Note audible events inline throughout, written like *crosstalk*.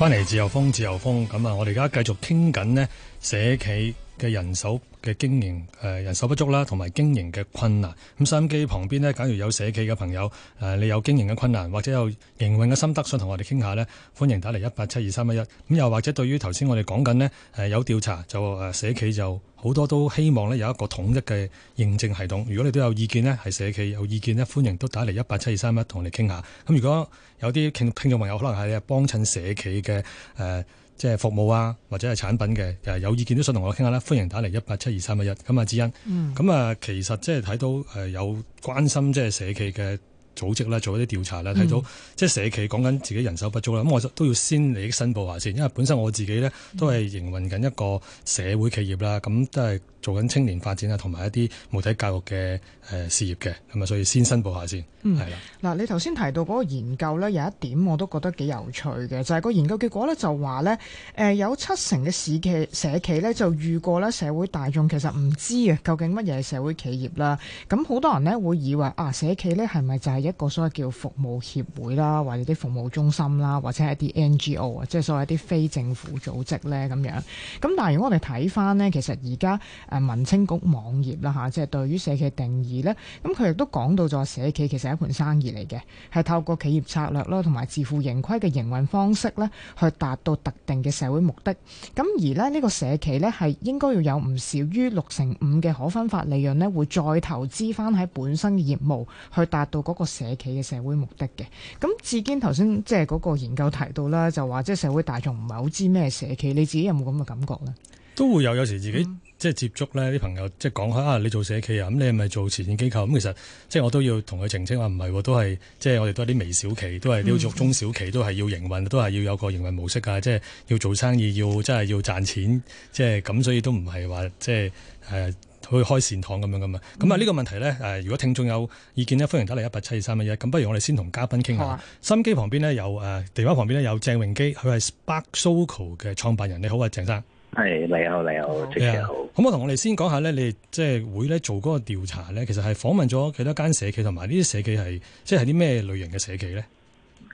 翻嚟自由風，自由風。咁啊，我哋而家繼續傾緊呢社企嘅人手嘅經營誒、呃、人手不足啦，同埋經營嘅困難。咁、嗯、收音機旁邊呢，假如有社企嘅朋友誒、呃，你有經營嘅困難或者有營運嘅心得，想同我哋傾下呢，歡迎打嚟一八七二三一一。咁、嗯、又或者對於頭先我哋講緊呢，誒、呃、有調查就誒、呃、社企就好多都希望呢有一個統一嘅認證系統。如果你都有意見呢，係社企有意見呢，歡迎都打嚟一八七二三一同我哋傾下。咁、嗯嗯、如果有啲聽聽眾朋友可能係你幫襯社企嘅誒。呃即係服務啊，或者係產品嘅，誒有意見都想同我傾下啦，歡迎打嚟一八七二三一一。咁啊，智恩、嗯，咁啊，其實即係睇到誒有關心即係社企嘅組織啦，做一啲調查啦，睇到即係社企講緊自己人手不足啦，咁我都要先利益申報下先，因為本身我自己咧都係營運緊一個社會企業啦，咁都係，做緊青年發展啊，同埋一啲媒體教育嘅誒事業嘅，咁啊，所以先申報下先，係啦、嗯。嗱的、啊，你頭先提到嗰個研究呢，有一點我都覺得幾有趣嘅，就係、是、個研究結果呢，就話呢，誒有七成嘅市企社企呢，就遇過呢社會大眾其實唔知啊，究竟乜嘢係社會企業啦？咁好多人呢，會以為啊，社企呢係咪就係一個所謂叫服務協會啦，或者啲服務中心啦，或者係一啲 NGO 啊，即係所謂啲非政府組織呢咁樣？咁但係如果我哋睇翻呢，其實而家誒民青局網頁啦嚇，即係對於社企嘅定義呢，咁佢亦都講到咗。社企其實係一盤生意嚟嘅，係透過企業策略啦，同埋自負盈虧嘅營運方式呢，去達到特定嘅社會目的。咁而呢呢個社企呢，係應該要有唔少於六成五嘅可分發利潤呢，會再投資翻喺本身嘅業務，去達到嗰個社企嘅社會目的嘅。咁至堅頭先即係嗰個研究提到啦，就話即係社會大眾唔係好知咩社企，你自己有冇咁嘅感覺呢？都會有，有時自己。嗯即係接觸呢啲朋友，即係講開啊！你做社企啊，咁你係咪做慈善機構咁？其實即係我都要同佢澄清話，唔係，都係即係我哋都係啲微小企，都係呢種中小企，都係要營運，都係要有個營運模式㗎，即係要做生意，要即係要賺錢，即係咁，所以都唔係話即係誒去開善堂咁樣㗎嘛。咁啊呢個問題呢，誒，如果聽眾有意見呢，歡迎打嚟一八七二三一一。咁不如我哋先同嘉賓傾下。心機旁邊呢有誒，電話旁邊呢有鄭榮基，佢係 Spark Social 嘅創辦人。你好啊，鄭生。係，你好，你好，主持人好。咁我同我哋先講下咧，你即係會咧做嗰個調查咧，其實係訪問咗幾多間社企同埋呢啲社企係，即係啲咩類型嘅社企咧？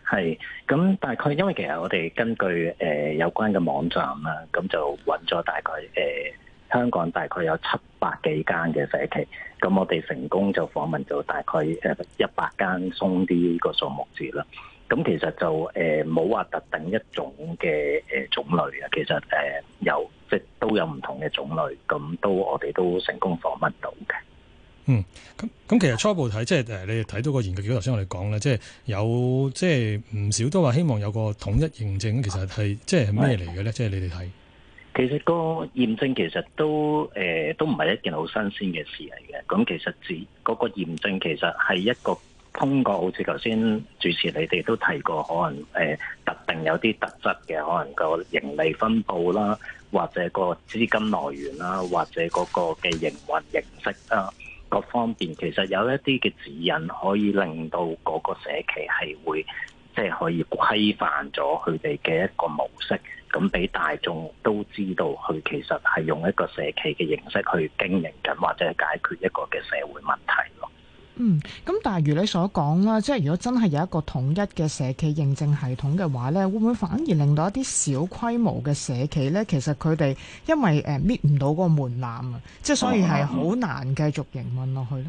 係，咁大概因為其實我哋根據誒、呃、有關嘅網站啦，咁就揾咗大概誒、呃、香港大概有七百幾間嘅社企，咁我哋成功就訪問咗大概誒一百間鬆啲個數目字啦。咁其實就誒冇話特定一種嘅誒、呃、種類啊，其實誒、呃、有即都有唔同嘅種類，咁都我哋都成功訪問到嘅。嗯，咁咁其實初步睇，即係誒你哋睇到個研究結果頭先我哋講咧，即係有即係唔少都話希望有個統一認證，其實係即係咩嚟嘅咧？即係你哋睇，其實個驗證其實都誒、呃、都唔係一件好新鮮嘅事嚟嘅。咁其實指嗰個驗證其實係一個。通過好似頭先主持你哋都提過，可能誒、呃、特定有啲特質嘅，可能個盈利分布啦，或者個資金來源啦，或者嗰個嘅營運形式啦、啊。各方面其實有一啲嘅指引，可以令到嗰個社企係會即係、就係、可以規範咗佢哋嘅一個模式，咁俾大眾都知道，佢其實係用一個社企嘅形式去經營緊，或者解決一個嘅社會問題咯。嗯，咁但係如你所講啦，即係如果真係有一個統一嘅社企認證系統嘅話咧，會唔會反而令到一啲小規模嘅社企咧，其實佢哋因為誒搣唔到個門檻啊，即係所以係好難繼續營運落去咧，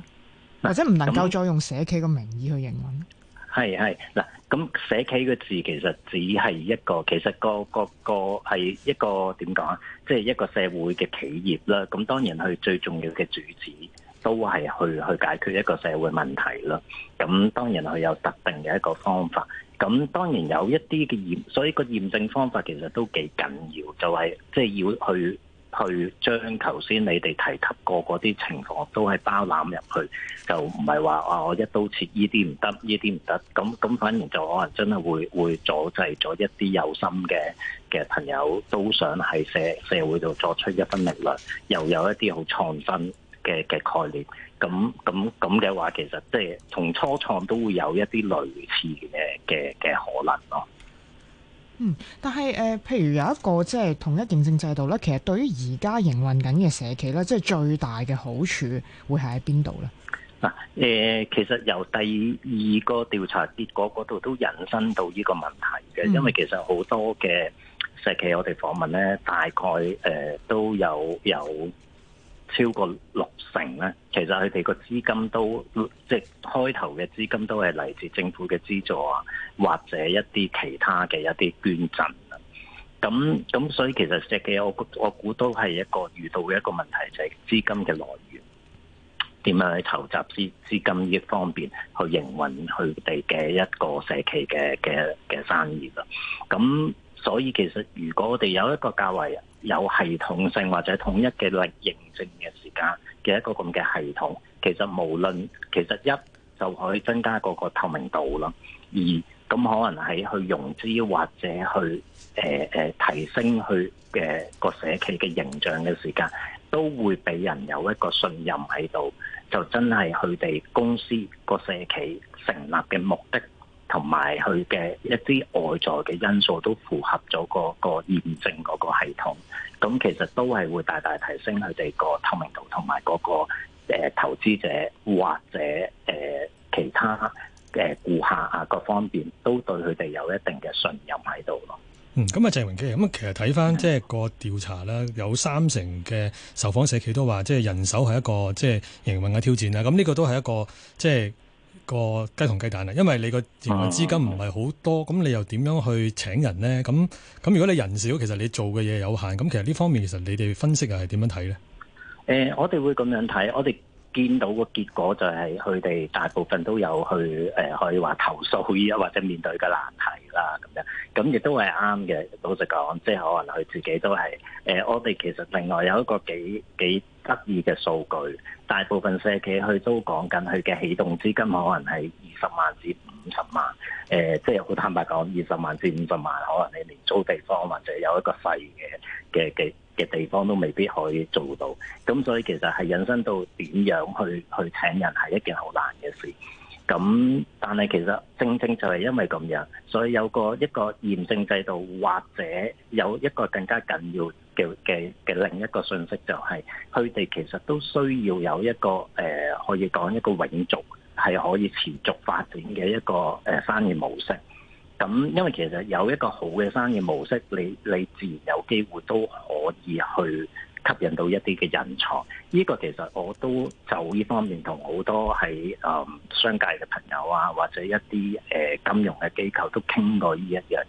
哦、或者唔能夠再用社企個名義去營運？係係嗱，咁、嗯、社企個字其實只係一個，其實個個個係一個點講啊？即係、就是、一個社會嘅企業啦。咁當然係最重要嘅主旨。都係去去解決一個社會問題咯。咁當然佢有特定嘅一個方法。咁當然有一啲嘅驗，所以個驗證方法其實都幾緊要，就係即係要去去將頭先你哋提及過嗰啲情況都係包攬入去，就唔係話啊我一刀切，呢啲唔得，呢啲唔得。咁咁反而就可能真係會會阻滯咗一啲有心嘅嘅朋友都想喺社社會度作出一分力量，又有一啲好創新，嘅嘅概念，咁咁咁嘅話，其實即係同初創都會有一啲類似嘅嘅嘅可能咯。嗯，但係誒、呃，譬如有一個即係統一認證制度咧，其實對於而家營運緊嘅社企咧，即係最大嘅好處會喺邊度咧？嗱，誒，其實由第二個調查結果嗰度都引申到呢個問題嘅，因為其實好多嘅社企我哋訪問咧，大概誒、呃、都有有。超過六成咧，其實佢哋個資金都即係開頭嘅資金都係嚟自政府嘅資助啊，或者一啲其他嘅一啲捐贈啊。咁咁所以其實社企我我估，我估都係一個遇到嘅一個問題，就係、是、資金嘅來源點樣去籌集資資金呢方面去營運佢哋嘅一個社企嘅嘅嘅生意啦。咁所以其實如果我哋有一個較為。有系統性或者統一嘅認證嘅時間嘅一個咁嘅系統，其實無論其實一就可以增加嗰個透明度咯，二咁可能喺去融資或者去誒誒、呃呃、提升佢嘅個社企嘅形象嘅時間，都會俾人有一個信任喺度，就真係佢哋公司個社企成立嘅目的。同埋佢嘅一啲外在嘅因素都符合咗個驗證嗰個系統，咁其實都係會大大提升佢哋個透明度同埋嗰個誒、呃、投資者或者誒、呃、其他誒顧客啊各方面都對佢哋有一定嘅信任喺度咯。嗯、咁、呃、啊，鄭榮基，咁啊，其實睇翻即係個調查啦，的有三成嘅受訪社企都話，即係人手係一個即係營運嘅挑戰啦。咁呢個都係一個即係。個雞同雞蛋啊，因為你個資金唔係好多，咁、嗯、你又點樣去請人咧？咁咁如果你人少，其實你做嘅嘢有限，咁其實呢方面其實你哋分析又係點樣睇咧？誒、呃，我哋會咁樣睇，我哋見到個結果就係佢哋大部分都有去誒，可以話投訴或者面對嘅難題啦，咁樣咁亦都係啱嘅。老實講，即係可能佢自己都係誒、呃，我哋其實另外有一個幾幾得意嘅數據，大部分社企佢都講緊佢嘅起動資金可能係二十萬至五十萬，誒、呃，即係好坦白講，二十萬至五十萬，可能你連租地方或者有一個細嘅嘅嘅嘅地方都未必可以做到，咁所以其實係引申到點樣去去請人係一件好難嘅事。咁，但係其實正正就係因為咁樣，所以有個一個認證制度，或者有一個更加緊要嘅嘅嘅另一個訊息、就是，就係佢哋其實都需要有一個誒、呃、可以講一個永續係可以持續發展嘅一個誒生意模式。咁因為其實有一個好嘅生意模式，你你自然有機會都可以去。吸引到一啲嘅人才，呢、這個其實我都就呢方面同好多喺、誒、嗯、商界嘅朋友啊，或者一啲誒、呃、金融嘅機構都傾過呢一樣。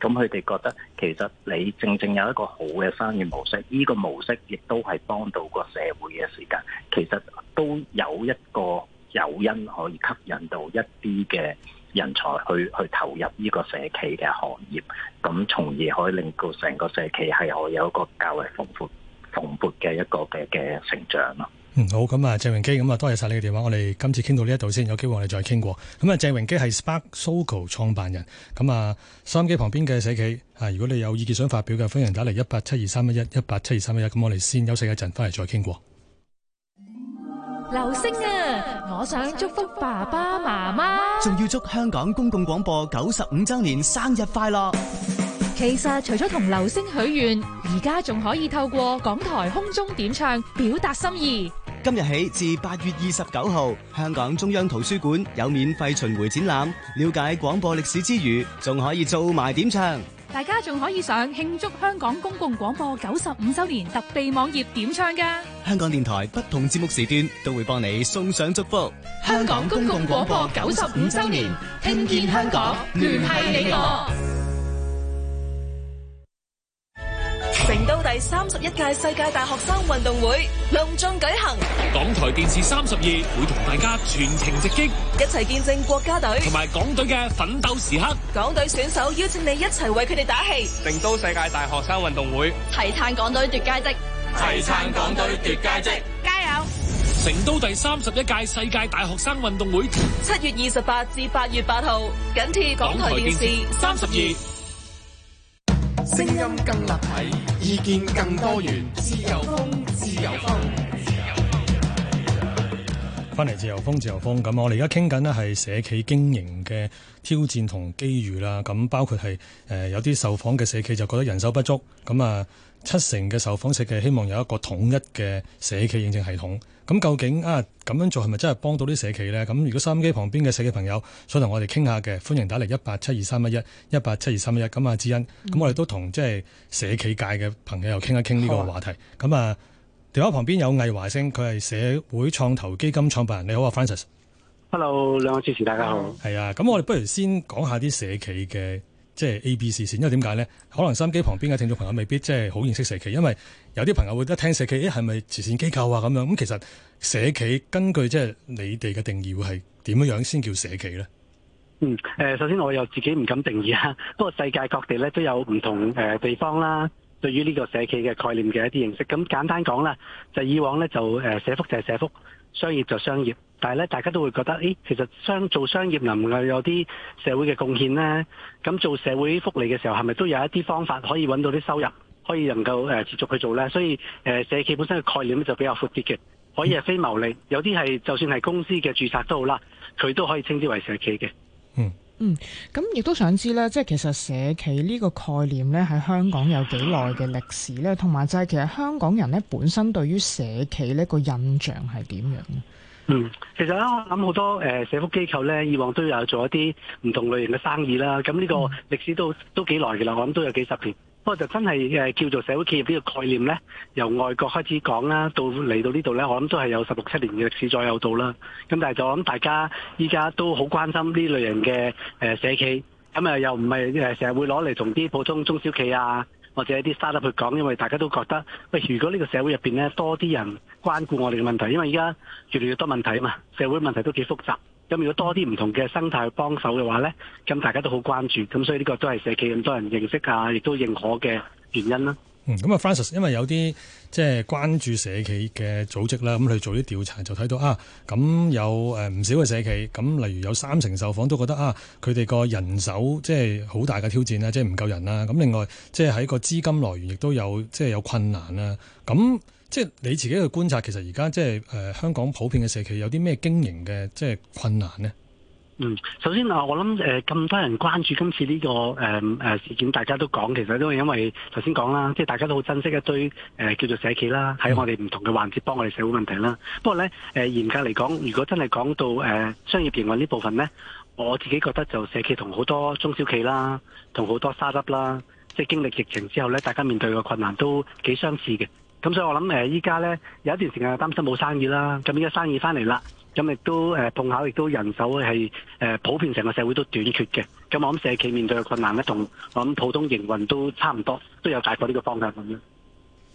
咁佢哋覺得其實你正正有一個好嘅商業模式，呢、這個模式亦都係幫到個社會嘅時間。其實都有一個誘因可以吸引到一啲嘅人才去去投入呢個社企嘅行業，咁、嗯、從而可以令到成個社企係可以有一個較為豐富。蓬勃嘅一個嘅嘅成長咯。嗯，好，咁啊，鄭榮基，咁、嗯、啊，多謝晒你嘅電話，我哋今次傾到呢一度先，有機會我哋再傾過。咁、嗯、啊，鄭榮基係 Spark Social 創辦人，咁、嗯、啊，收音機旁邊嘅社企啊，如果你有意見想發表嘅，歡迎打嚟，一八七二三一一一八七二三一一，咁我哋先休息一陣，翻嚟再傾過。流星啊，我想祝福爸爸媽媽，仲要祝香港公共廣播九十五周年生日快樂。其實除咗同流星許願，而家仲可以透過港台空中點唱表達心意。今日起至八月二十九號，香港中央圖書館有免費巡迴展覽，了解廣播歷史之餘，仲可以做埋點唱。大家仲可以上慶祝香港公共廣播九十五周年特備網頁點唱噶。香港電台不同節目時段都會幫你送上祝福。香港公共廣播九十五周年，聽見香港，聯繫你我。三十一屆世界大學生運動會隆重舉行，港台電視三十二會同大家全程直擊，一齊見證國家隊同埋港隊嘅奮鬥時刻。港隊選手邀請你一齊為佢哋打氣。成都世界大學生運動會，齊歎港隊奪佳績，齊歎港隊奪佳績，加油！成都第三十一屆世界大學生運動會，七月二十八至八月八號，緊貼港台電視三十二。聲音更立體，意見更多元，自由風，自由風，自由風，翻嚟自由風，自由風。咁我哋而家傾緊呢係社企經營嘅挑戰同機遇啦。咁包括係誒有啲受訪嘅社企就覺得人手不足。咁啊，七成嘅受訪社企希望有一個統一嘅社企認證系統。咁究竟啊咁樣做係咪真係幫到啲社企呢？咁如果收音機旁邊嘅社企朋友想同我哋傾下嘅，歡迎打嚟一八七二三一一一八七二三一一，咁啊，智恩。咁、嗯、我哋都同即係社企界嘅朋友又傾一傾呢個話題。咁啊，電話旁邊有魏華星，佢係社會創投基金創辦人。你好啊，Francis。Hello，兩位主持大家好。係啊，咁我哋不如先講下啲社企嘅。即係 A、B、C 善，因為點解呢？可能收音機旁邊嘅聽眾朋友未必真係好認識社企，因為有啲朋友會一聽社企，誒係咪慈善機構啊咁樣？咁其實社企根據即係你哋嘅定義會係點樣樣先叫社企呢？嗯、呃，首先我又自己唔敢定義啊，不 *laughs* 過世界各地咧都有唔同誒地方啦，對於呢個社企嘅概念嘅一啲認識。咁簡單講啦，就以往呢，就誒社福就係社福，商業就商業。但係咧，大家都會覺得，誒、欸，其實商做商業能唔能夠有啲社會嘅貢獻呢？咁做社會福利嘅時候，係咪都有一啲方法可以揾到啲收入，可以能夠誒、呃、持續去做呢？所以誒、呃，社企本身嘅概念就比較闊啲嘅，可以係非牟利，有啲係就算係公司嘅註冊都好啦，佢都可以稱之為社企嘅。嗯嗯，咁亦、嗯、都想知呢，即係其實社企呢個概念呢，喺香港有幾耐嘅歷史呢？同埋就係其實香港人呢，本身對於社企呢個印象係點樣咧？嗯，其實咧，我諗好多誒、呃、社福機構咧，以往都有做一啲唔同類型嘅生意啦。咁呢個歷史都都幾耐嘅啦，我諗都有幾十年。不過就真係誒叫做社會企業呢個概念咧，由外國開始講啦、啊，到嚟到呢度咧，我諗都係有十六七年嘅歷史左右到啦。咁但係就我諗大家依家都好關心呢類型嘅誒、呃、社企，咁啊又唔係誒成日會攞嚟同啲普通中小企啊，或者一啲沙粒去講，因為大家都覺得喂，如果呢個社會入邊咧多啲人關顧我哋嘅問題，因為而家越嚟越多問題啊嘛，社會問題都幾複雜。咁如果多啲唔同嘅生態去幫手嘅話咧，咁大家都好關注。咁所以呢個都係社企咁多人認識啊，亦都認可嘅原因啦。嗯，咁啊，Francis，因為有啲即係關注社企嘅組織啦，咁去做啲調查就睇到啊，咁有誒唔少嘅社企，咁例如有三成受訪都覺得啊，佢哋個人手即係好大嘅挑戰啦，即係唔夠人啦。咁另外即係喺個資金來源亦都有即係有困難啦。咁、啊、即係你自己去觀察，其實而家即係誒、呃、香港普遍嘅社企有啲咩經營嘅即係困難呢？嗯，首先啊，我諗誒咁多人關注今次呢、這個誒誒、呃呃、事件，大家都講其實都係因為頭先講啦，即係大家都好珍惜一堆誒、呃、叫做社企啦，喺我哋唔同嘅環節幫我哋社會問題啦。不過咧誒、呃，嚴格嚟講，如果真係講到誒、呃、商業營運呢部分咧，我自己覺得就社企同好多中小企啦，同好多 startup 啦，即係經歷疫情之後咧，大家面對嘅困難都幾相似嘅。咁所以我諗誒，依家咧有一段時間擔心冇生意啦，咁而家生意翻嚟啦。咁亦都誒碰巧，亦都人手係誒普遍成個社會都短缺嘅。咁我諗社企面對嘅困難咧，同我諗普通營運都差唔多，都有介過呢個方向咁樣。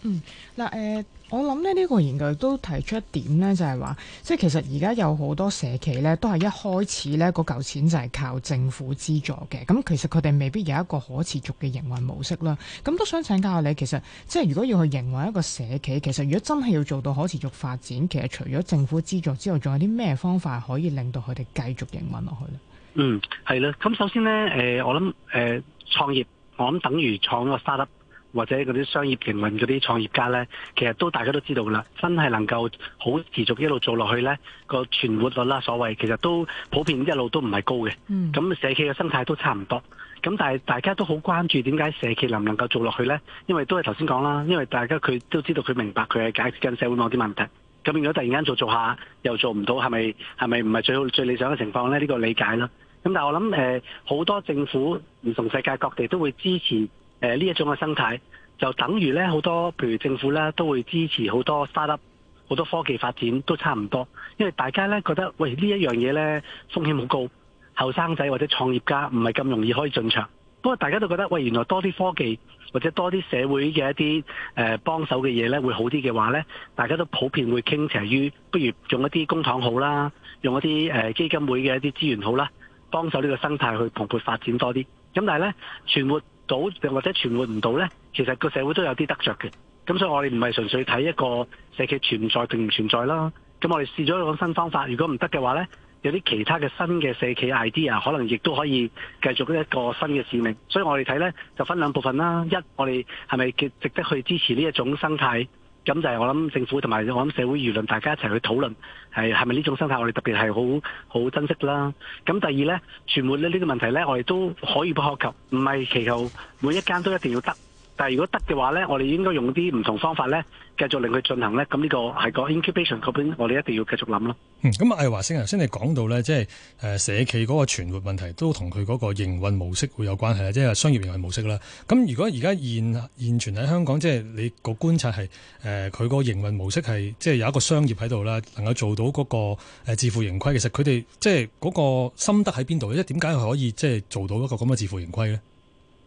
嗯，嗱，誒，我諗呢，呢呢個研究都提出一點呢，就係話，即係其實而家有好多社企呢，都係一開始呢嗰嚿錢就係靠政府資助嘅，咁其實佢哋未必有一個可持續嘅營運模式啦。咁都想請教下你，其實即係如果要去營運一個社企，其實如果真係要做到可持續發展，其實除咗政府資助之外，仲有啲咩方法可以令到佢哋繼續營運落去呢？嗯，係啦，咁首先呢，誒，我諗，誒，創業，我諗等於創個 start-up。或者嗰啲商業平民、嗰啲創業家呢，其實都大家都知道噶啦，真係能夠好持續一路做落去呢個存活率啦、所謂其實都普遍一路都唔係高嘅。咁、嗯、社企嘅生態都差唔多。咁但係大家都好關注點解社企能唔能夠做落去呢？因為都係頭先講啦，因為大家佢都知道佢明白佢係解決緊社會某啲問題。咁如果突然間做做下又做唔到，係咪係咪唔係最好最理想嘅情況呢？呢、呢個理解啦。咁但係我諗誒，好、呃、多政府唔同世界各地都會支持。誒呢一種嘅生態，就等於咧好多，譬如政府咧都會支持好多 start up，好多科技發展都差唔多，因為大家咧覺得，喂呢一樣嘢咧風險好高，後生仔或者創業家唔係咁容易可以進場。不過大家都覺得，喂原來多啲科技或者多啲社會嘅一啲誒幫手嘅嘢咧會好啲嘅話咧，大家都普遍會傾斜於不如用一啲公帑好啦，用一啲誒、呃、基金會嘅一啲資源好啦，幫手呢個生態去蓬勃發展多啲。咁但係呢，全活到定或者存活唔到呢，其實個社會都有啲得着嘅。咁所以我哋唔係純粹睇一個社企存在定唔存在啦。咁我哋試咗一種新方法，如果唔得嘅話呢，有啲其他嘅新嘅社企 idea 可能亦都可以繼續一個新嘅使命。所以我哋睇呢，就分兩部分啦。一，我哋係咪嘅值得去支持呢一種生態？咁就係我諗政府同埋我諗社會輿論，大家一齊去討論，係係咪呢種生態，我哋特別係好好珍惜啦。咁第二呢，傳媒呢，呢個問題呢，我哋都可以不可求，唔係祈求每一間都一定要得。但係如果得嘅話咧，我哋應該用啲唔同方法咧，繼續令佢進行咧。咁呢個係個 incubation 嗰邊，我哋一定要繼續諗咯。嗯，咁啊，阿華星頭先你講到咧，即係誒、呃，社企嗰個存活問題都同佢嗰個營運模式會有關係啦，即係商業營運模式啦。咁如果而家現現、現存喺香港，即係你個觀察係誒，佢、呃、個營運模式係即係有一個商業喺度啦，能夠做到嗰、那個誒、呃、自負盈虧。其實佢哋即係嗰、那個心得喺邊度咧？即點解佢可以即係做到一個咁嘅自負盈虧咧？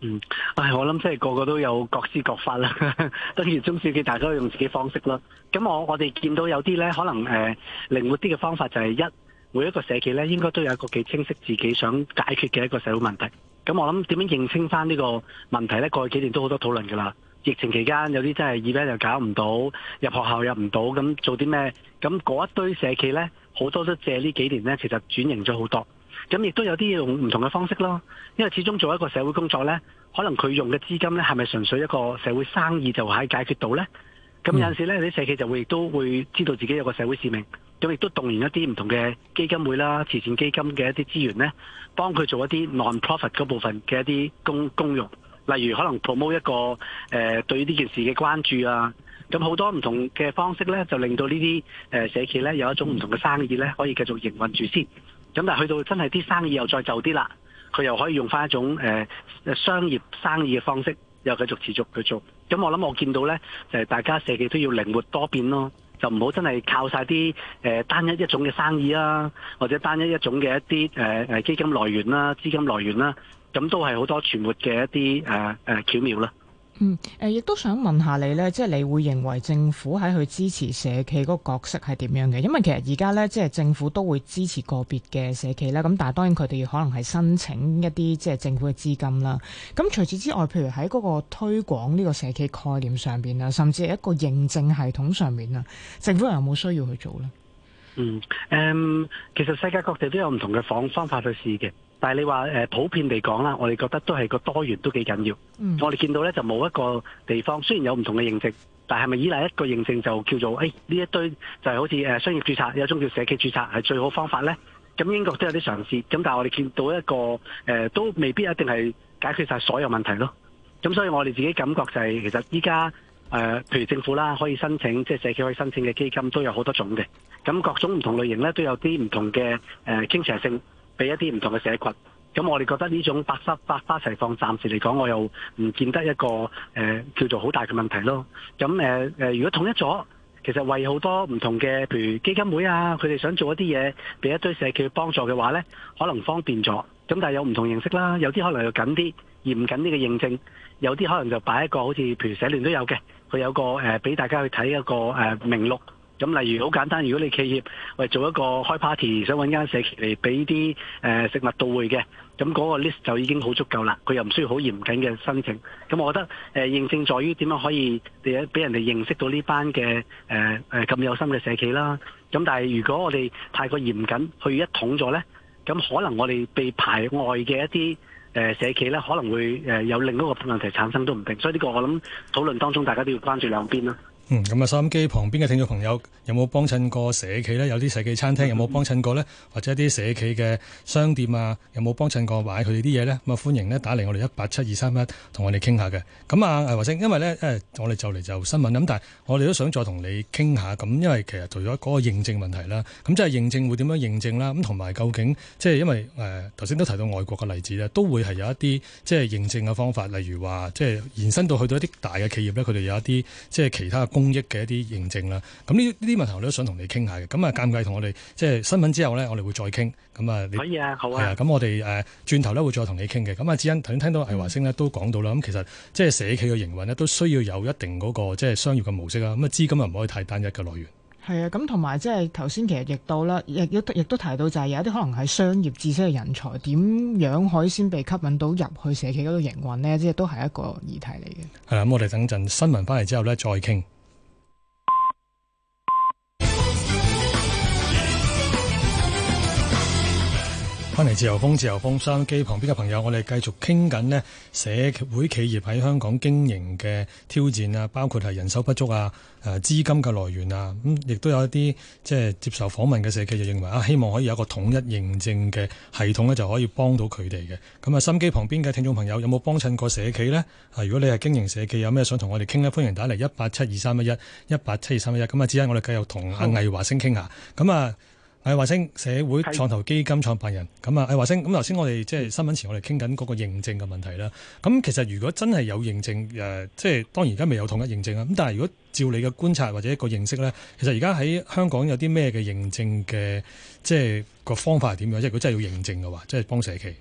嗯，唉，我諗即係個個都有各施各法啦，當 *laughs* 然中小企大家都用自己方式啦。咁我我哋見到有啲咧，可能誒，靈活啲嘅方法就係、是、一每一個社企咧，應該都有一個幾清晰自己想解決嘅一個社會問題。咁我諗點樣認清返呢個問題咧？過去幾年都好多討論噶啦。疫情期間有啲真係 event 又搞唔到，入學校入唔到，咁做啲咩？咁嗰一堆社企咧，好多都借呢幾年咧，其實轉型咗好多。咁亦都有啲用唔同嘅方式咯，因為始終做一個社會工作咧，可能佢用嘅資金咧係咪純粹一個社會生意就係解決到咧？咁有陣時咧，啲社企就會亦都會知道自己有個社會使命，咁亦都動員一啲唔同嘅基金會啦、慈善基金嘅一啲資源咧，幫佢做一啲 non-profit 嗰部分嘅一啲公公用，例如可能 promote 一個誒、呃、對呢件事嘅關注啊，咁好多唔同嘅方式咧就令到呢啲誒社企咧有一種唔同嘅生意咧可以繼續營運住先。咁但去到真係啲生意又再就啲啦，佢又可以用翻一種誒、呃、商業生意嘅方式，又繼續持續去做。咁、嗯、我諗我見到呢，就係、是、大家社企都要靈活多變咯，就唔好真係靠晒啲誒單一一種嘅生意啦，或、呃、者單一一種嘅一啲誒誒基金來源啦、啊、資金來源啦，咁、嗯、都係好多存活嘅一啲誒誒巧妙啦。嗯，誒、呃，亦都想問下你呢，即係你會認為政府喺去支持社企嗰個角色係點樣嘅？因為其實而家呢，即係政府都會支持個別嘅社企啦。咁但係當然佢哋可能係申請一啲即係政府嘅資金啦。咁除此之外，譬如喺嗰個推廣呢個社企概念上邊啊，甚至係一個認證系統上面啊，政府有冇需要去做呢？嗯，誒、嗯，其實世界各地都有唔同嘅方方法去試嘅。但係你話，誒普遍嚟講啦，我哋覺得都係個多元都幾緊要。嗯、我哋見到呢，就冇一個地方，雖然有唔同嘅認證，但係咪依賴一個認證就叫做：「誒呢、哎、一堆就係好似商業注冊，有一種叫社企注冊係最好方法呢。」咁英國都有啲嘗試，咁但係我哋見到一個誒、呃、都未必一定係解決晒所有問題咯。咁所以我哋自己感覺就係、是、其實依家誒譬如政府啦，可以申請即係、就是、社企可以申請嘅基金都有好多種嘅，咁各種唔同類型呢，都有啲唔同嘅誒傾斜性。俾一啲唔同嘅社群，咁我哋覺得呢種百花百花齊放，暫時嚟講，我又唔見得一個誒、呃、叫做好大嘅問題咯。咁誒誒，如果統一咗，其實為好多唔同嘅，譬如基金會啊，佢哋想做一啲嘢，俾一堆社企幫助嘅話呢，可能方便咗。咁但係有唔同形式啦，有啲可能要緊啲嚴謹啲嘅認證，有啲可能就擺一個好似譬如社聯都有嘅，佢有個誒俾、呃、大家去睇一個誒、呃、名錄。咁例如好簡單，如果你企業喂做一個開 party，想搵間社企嚟俾啲誒食物到會嘅，咁、嗯、嗰、那個 list 就已經好足夠啦。佢又唔需要好嚴謹嘅申請。咁、嗯、我覺得誒、呃、認證在於點樣可以，或者俾人哋認識到呢班嘅誒誒咁有心嘅社企啦。咁、嗯、但係如果我哋太過嚴謹去一統咗呢，咁、嗯、可能我哋被排外嘅一啲誒、呃、社企呢可能會誒有另一個問題產生都唔定。所以呢個我諗討論當中大家都要關注兩邊啦。嗯，咁啊，收音機旁邊嘅聽眾朋友有冇幫襯過社企呢？有啲社企餐廳有冇幫襯過呢？或者一啲社企嘅商店啊，有冇幫襯過買佢哋啲嘢呢？咁、嗯、啊，歡迎呢打嚟我哋一八七二三一，同我哋傾下嘅。咁啊，阿華星，因為呢，誒、呃，我哋就嚟就新聞咁，但係我哋都想再同你傾下。咁因為其實除咗嗰個認證問題啦，咁即係認證會點樣認證啦？咁同埋究竟即係因為誒頭先都提到外國嘅例子呢，都會係有一啲即係認證嘅方法，例如話即係延伸到去到一啲大嘅企業呢，佢哋有一啲即係其他公益嘅一啲認證啦，咁呢呢啲問題我都想同你傾下嘅，咁啊、嗯，計唔計同我哋即係新聞之後呢，我哋會再傾，咁啊，可以啊，好啊，係咁、啊、我哋誒、呃、轉頭咧會再同你傾嘅，咁、嗯、啊，子欣頭先聽到魏華星呢都講到啦，咁其實即係社企嘅營運呢，都需要有一定嗰、那個即係商業嘅模式啦，咁啊資金又唔可以太單一嘅來源，係啊，咁同埋即係頭先其實亦到啦，亦亦亦都提到就係有一啲可能係商業知識嘅人才點樣可以先被吸引到入去社企嗰度營運呢？即係都係一個議題嚟嘅。係啊，咁我哋等陣新聞返嚟之後呢，再傾。翻嚟自由風，自由風，收音機旁邊嘅朋友，我哋繼續傾緊咧，社會企業喺香港經營嘅挑戰啊，包括係人手不足啊，誒，資金嘅來源啊，咁亦都有一啲即係接受訪問嘅社企就認為啊，希望可以有一個統一認證嘅系統咧，就可以幫到佢哋嘅。咁啊，收音機旁邊嘅聽眾朋友，有冇幫襯過社企呢？啊，如果你係經營社企，有咩想同我哋傾呢？歡迎打嚟一八七二三一一，一八七二三一一。咁啊，之後我哋繼續同阿魏華星傾下。咁啊、嗯。魏華星社會創投基金創辦人，咁是啊，魏華星。咁頭先我哋即係新聞前我哋傾緊嗰個認證嘅問題啦。咁其實如果真係有認證誒、呃，即係當然而家未有統一認證啊。咁但係如果照你嘅觀察或者一個認識咧，其實而家喺香港有啲咩嘅認證嘅，即係個方法係點樣？即係如果真係要認證嘅話，即係幫社企。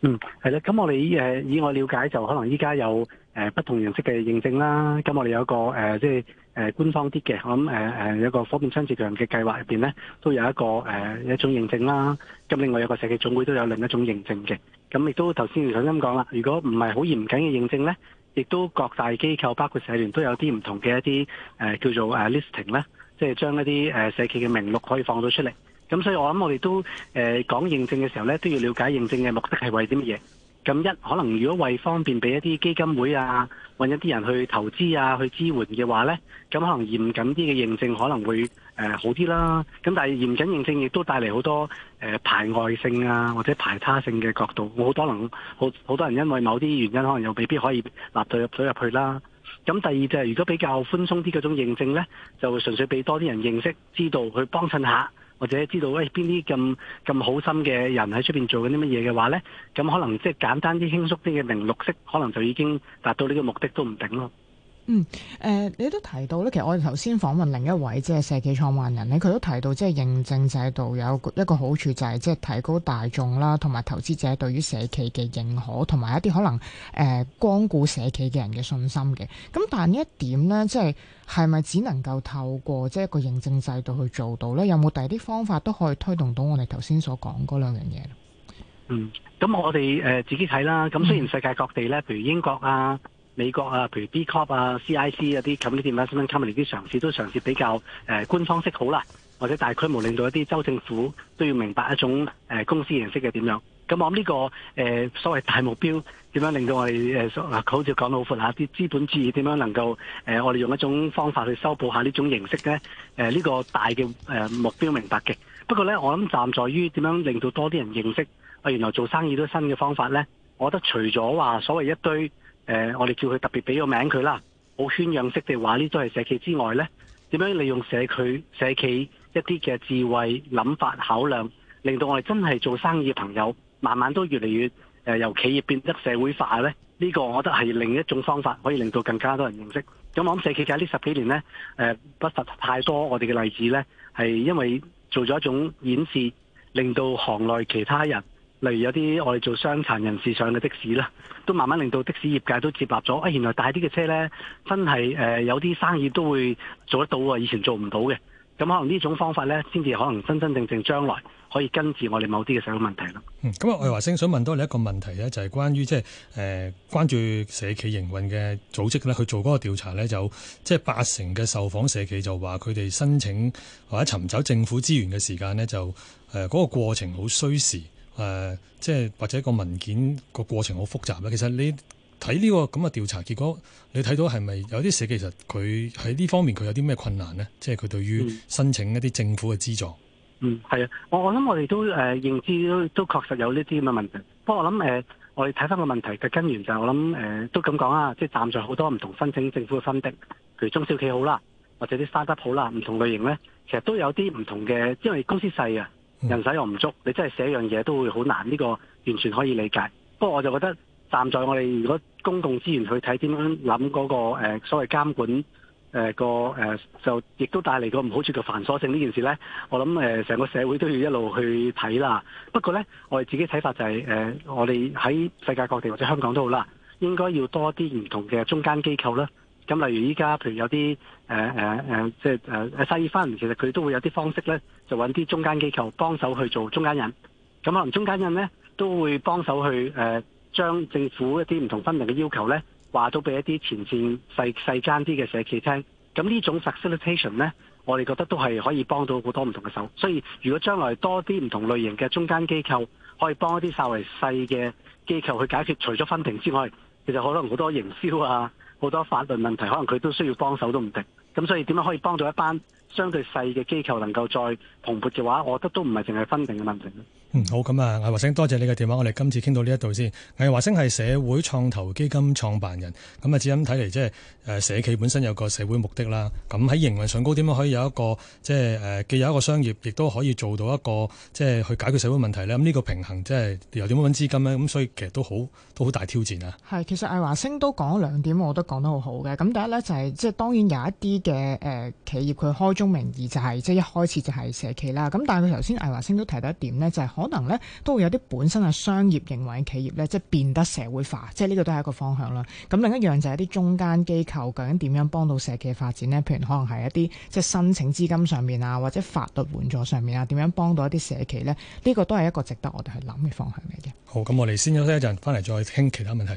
嗯，係啦。咁我哋誒，以我了解就可能依家有，誒不同形式嘅認證啦，咁我哋有個誒即係誒官方啲嘅，我諗誒誒有一個伙伴倡自強嘅計劃入邊咧，都有一個誒、呃、一種認證啦。咁、啊、另外有個社企總會都有另一種認證嘅。咁、嗯、亦都頭先兩位咁講啦，如果唔係好嚴謹嘅認證咧，亦都各大機構包括社聯都有啲唔同嘅一啲誒、呃、叫做誒、啊、listing 咧，即係將一啲誒、呃、社企嘅名錄可以放到出嚟。咁、嗯、所以我諗我哋都誒、呃、講認證嘅時候咧，都要了解認證嘅目的係為啲乜嘢。咁一可能如果為方便俾一啲基金會啊，揾一啲人去投資啊，去支援嘅話呢，咁可能嚴謹啲嘅認證可能會誒、呃、好啲啦。咁但係嚴謹認證亦都帶嚟好多誒、呃、排外性啊，或者排他性嘅角度，好可能好好多人因為某啲原因，可能又未必可以納到入到入，入去啦。咁第二就係、是、如果比較寬鬆啲嗰種認證呢，就會純粹俾多啲人認識，知道去幫襯下。或者知道喂邊啲咁咁好心嘅人喺出邊做緊啲乜嘢嘅話咧，咁可能即係簡單啲輕鬆啲嘅名錄式可能就已經達到呢個目的都唔定咯。嗯，誒、呃，你都提到咧，其實我哋頭先訪問另一位即係社企創辦人咧，佢都提到即係認證制度有一個好處，就係，就係即係提高大眾啦同埋投資者對於社企嘅認可，同埋一啲可能誒、呃、光顧社企嘅人嘅信心嘅。咁但係呢一點呢，即係係咪只能夠透過即係一個認證制度去做到呢？有冇第二啲方法都可以推動到我哋頭先所講嗰兩樣嘢咧？嗯，咁我哋誒自己睇啦。咁雖然世界各地呢，譬如英國啊。美國啊，譬如 B Corp 啊、C I C 啊啲咁啲點樣，甚至啱啱嚟啲嘗試都嘗試比較誒、呃、官方式好啦，或者大規模令到一啲州政府都要明白一種誒、呃、公司形式嘅點樣。咁我諗呢、這個誒、呃、所謂大目標點樣令到我哋誒、呃、好似講到好闊下啲、啊、資本主義點樣能夠誒、呃、我哋用一種方法去修補下呢種形式咧？誒、呃、呢、這個大嘅誒、呃、目標明白嘅。不過咧，我諗站在於點樣令到多啲人認識啊、呃，原來做生意都係新嘅方法咧。我覺得除咗話所謂一堆。誒、呃，我哋叫佢特別俾個名佢啦。冇圈養式地話，呢都係社企之外呢。點樣利用社企社企一啲嘅智慧、諗法、考量，令到我哋真係做生意嘅朋友，慢慢都越嚟越誒、呃、由企業變得社會化呢呢、這個我覺得係另一種方法，可以令到更加多人認識。咁我諗社企界呢十幾年呢，誒、呃、不乏太多我哋嘅例子呢，係因為做咗一種演示，令到行內其他人，例如有啲我哋做傷殘人士上嘅的，的士啦。都慢慢令到的士業界都接納咗，啊、哎、原來大啲嘅車呢，真係誒、呃、有啲生意都會做得到啊，以前做唔到嘅。咁、嗯、可能呢種方法呢，先至可能真真正正將來可以根治我哋某啲嘅社會問題咯。咁啊、嗯，魏華星想問多你一個問題呢，就係關於即係誒關注社企營運嘅組織呢，去做嗰個調查呢，就即係八成嘅受訪社企就話，佢哋申請或者尋找政府資源嘅時間呢，就誒嗰個過程好需時。誒、呃，即係或者個文件個過程好複雜咧。其實你睇呢個咁嘅調查結果，你睇到係咪有啲社其實佢喺呢方面佢有啲咩困難呢？即係佢對於申請一啲政府嘅資助，嗯，係啊，我我諗我哋都誒、呃、認知都，都確實有呢啲咁嘅問題。不過我諗誒、呃，我哋睇翻個問題嘅根源就係、是、我諗誒、呃，都咁講啊，即、就、係、是、站上好多唔同申請政府嘅分的，譬如中小企好啦，或者啲 Start-up 啦，唔同類型呢，其實都有啲唔同嘅，因為公司細啊。人手又唔足，你真係寫樣嘢都會好難，呢、這個完全可以理解。不過我就覺得站在我哋如果公共資源去睇，點樣諗嗰個誒、呃、所謂監管誒個誒就亦都帶嚟個唔好處嘅繁瑣性呢件事呢，我諗誒成個社會都要一路去睇啦。不過呢，我哋自己睇法就係、是、誒、呃，我哋喺世界各地或者香港都好啦，應該要多啲唔同嘅中間機構啦。咁例如依家，譬如有啲誒誒誒即係誒誒細翻。呃、其實佢都會有啲方式咧，就揾啲中間機構幫手去做中間人。咁可能中間人咧都會幫手去誒將、呃、政府一啲唔同分庭嘅要求咧，話到俾一啲前線細細間啲嘅社企聽，咁呢種 facilitation 咧，我哋覺得都係可以幫到好多唔同嘅手。所以如果將來多啲唔同類型嘅中間機構可以幫一啲稍為細嘅機構去解決，除咗分庭之外，其實可能好多營銷啊～好多法律問題，可能佢都需要幫手都唔定，咁所以點樣可以幫到一班相對細嘅機構能夠再蓬勃嘅話，我覺得都唔係淨係分定嘅問題。嗯，好，咁啊，魏華星多謝你嘅電話，我哋今次傾到呢一度先。魏華星係社會創投基金創辦人，咁啊、就是，只咁睇嚟，即係誒社企本身有個社會目的啦。咁喺營運上高，點樣可以有一個即係誒既有一個商業，亦都可以做到一個即係去解決社會問題咧？咁呢個平衡，即係又點樣搵資金咧？咁所以其實都好都好大挑戰啊。係，其實魏華星都講兩點，我覺得講得好好嘅。咁第一咧就係、是，即係當然有一啲嘅誒企業佢開宗明義就係即係一開始就係社企啦。咁但係佢頭先魏華星都提到一點咧，就係、是。可能咧都會有啲本身嘅商業型態企業咧，即係變得社會化，即係呢個都係一個方向啦。咁另一樣就係一啲中間機構究竟點樣幫到社企發展呢？譬如可能係一啲即係申請資金上面啊，或者法律援助上面啊，點樣幫到一啲社企呢？呢個都係一個值得我哋去諗嘅方向嚟嘅。好，咁我哋先休息一陣，翻嚟再傾其他問題。